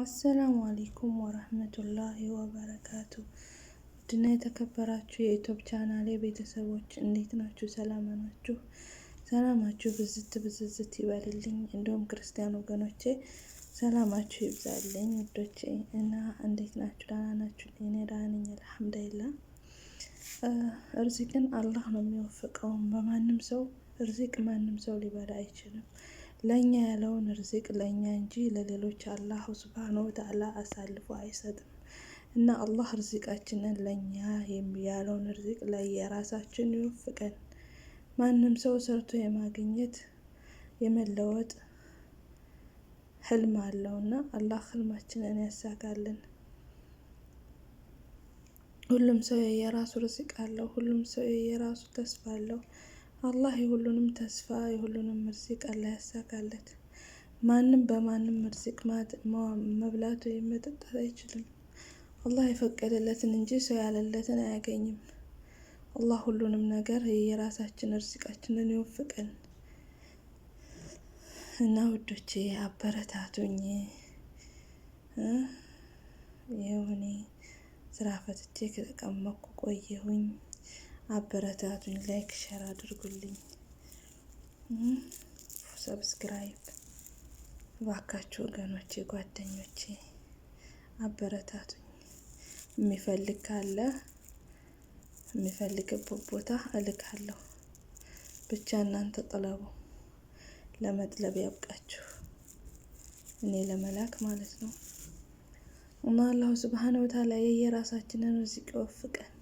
አሰላሙ አሌይኩም ወረህመቱላሂ ወበረካቱ። ውድና የተከበራችሁ የኢትዮፕ ቻናሌ ቤተሰቦች እንዴት ናችሁ? ሰላም ናችሁ? ሰላማችሁ ብዝት ብዝዝት ይበልልኝ። እንዲሁም ክርስቲያን ወገኖቼ ሰላማችሁ ይብዛልኝ። ውዶቼ እና እንዴት ናችሁ? ደህና ናችሁ? እኔ ደህና ነኝ አልሐምዱሊላ። እርዚቅን አላህ ነው የሚወፍቀው። በማንም ሰው እርዚቅ ማንም ሰው ሊበላ አይችልም። ለእኛ ያለውን ርዝቅ ለእኛ እንጂ ለሌሎች አላህ ስብሓን ወተዓላ አሳልፎ አይሰጥም እና አላህ ርዝቃችንን ለእኛ ያለውን ርዝቅ የራሳችን ይወፍቀን። ማንም ሰው ሰርቶ የማግኘት የመለወጥ ህልም አለው እና አላህ ህልማችንን ያሳካልን። ሁሉም ሰው የራሱ ርዝቅ አለው። ሁሉም ሰው የራሱ ተስፋ አለው። አላህ የሁሉንም ተስፋ የሁሉንም እርዚቅ አላህ ያሳካለት። ማንም በማንም እርዚቅ መብላት ወይም መጠጣት አይችልም። አላህ የፈቀደለትን እንጂ ሰው ያለለትን አያገኝም። አላህ ሁሉንም ነገር የራሳችን እርዚቃችንን ይወፍቀን እና ውዶቼ አበረታቱኝ። ይኸው እኔ ስራ ፈትቼ ከተቀመኩ ቆየሁኝ። አበረታቱኝ። ላይክ ሸር አድርጉልኝ፣ ሰብስክራይብ እባካችሁ ወገኖቼ፣ ጓደኞቼ አበረታቱኝ። የሚፈልግ ካለ የሚፈልግበት ቦታ እልካለሁ። ብቻ እናንተ ጥለቡ፣ ለመጥለብ ያብቃችሁ። እኔ ለመላክ ማለት ነው እና አላሁ ስብሓን ወታላ የየራሳችንን ርዝቅ ይወፍቀን።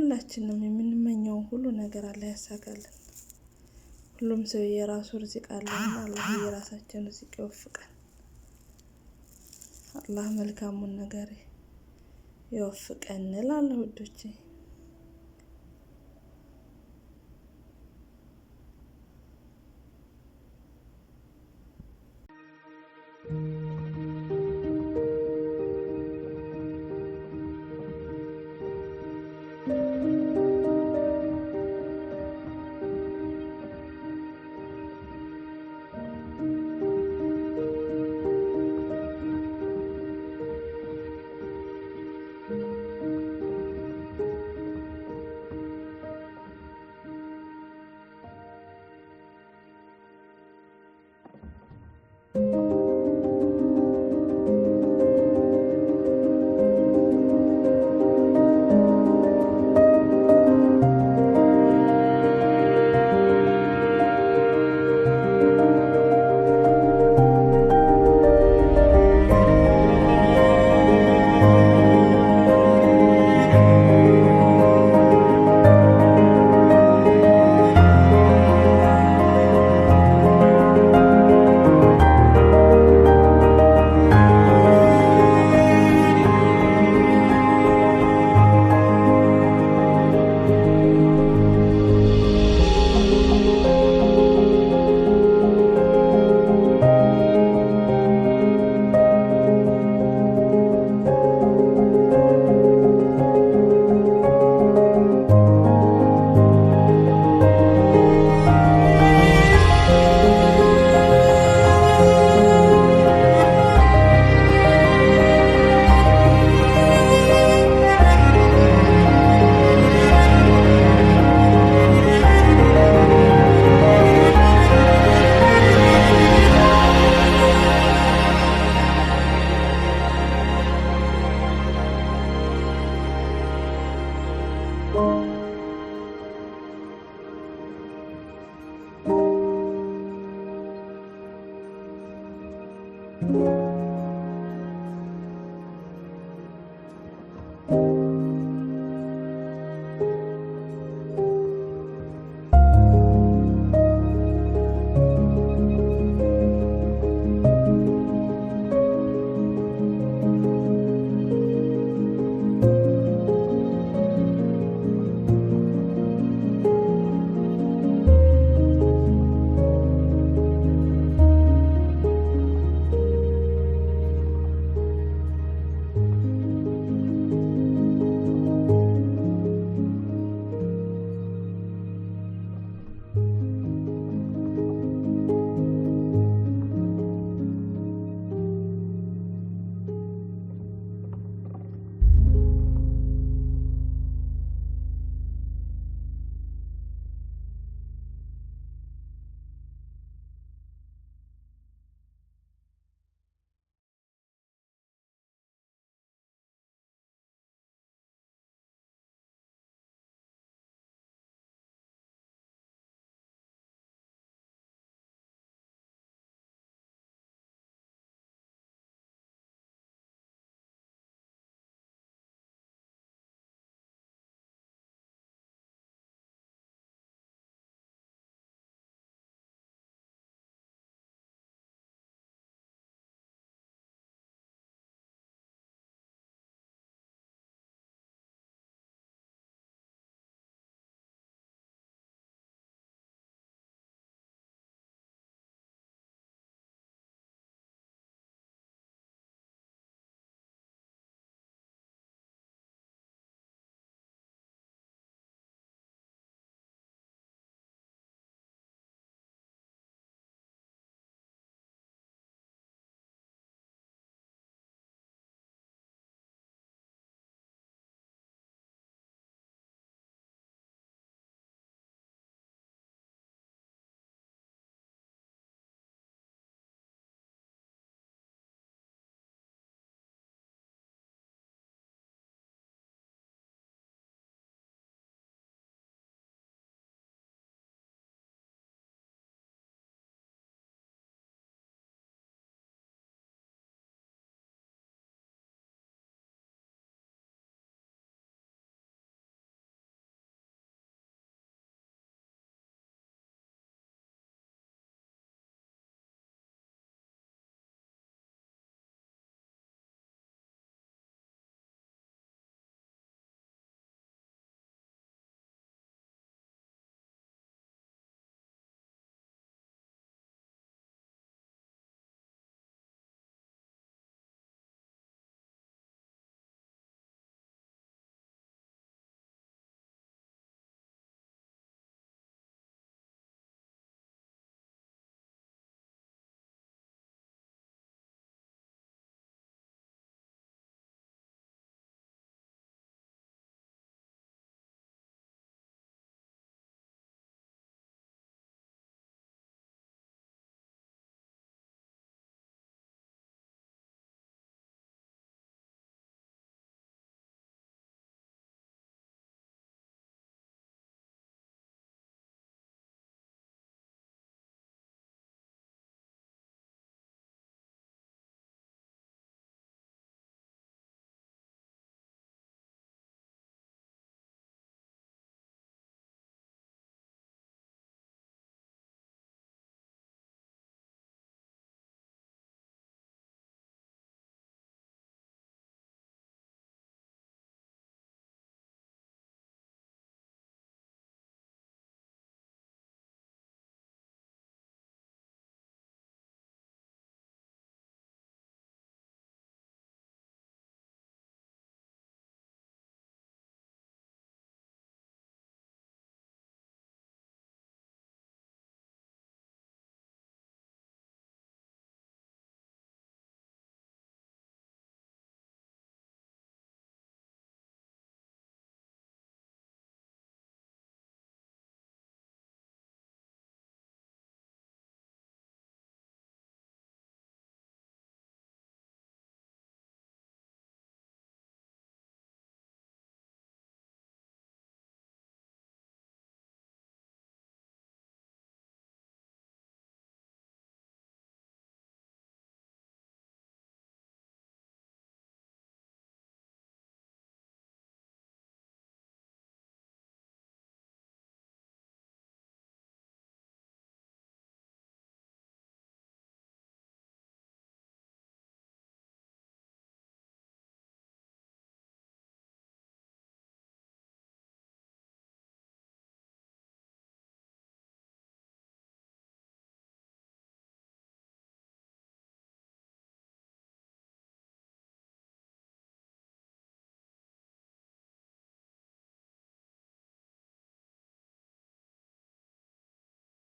ሁላችንም የምንመኘውን ሁሉ ነገር አላህ ያሳካልን። ሁሉም ሰው የራሱ ርዚቅ አለና አላህ የራሳችን ርዚቅ ይወፍቀን። አላህ መልካሙን ነገር ይወፍቀን እላለሁ ውዶቼ።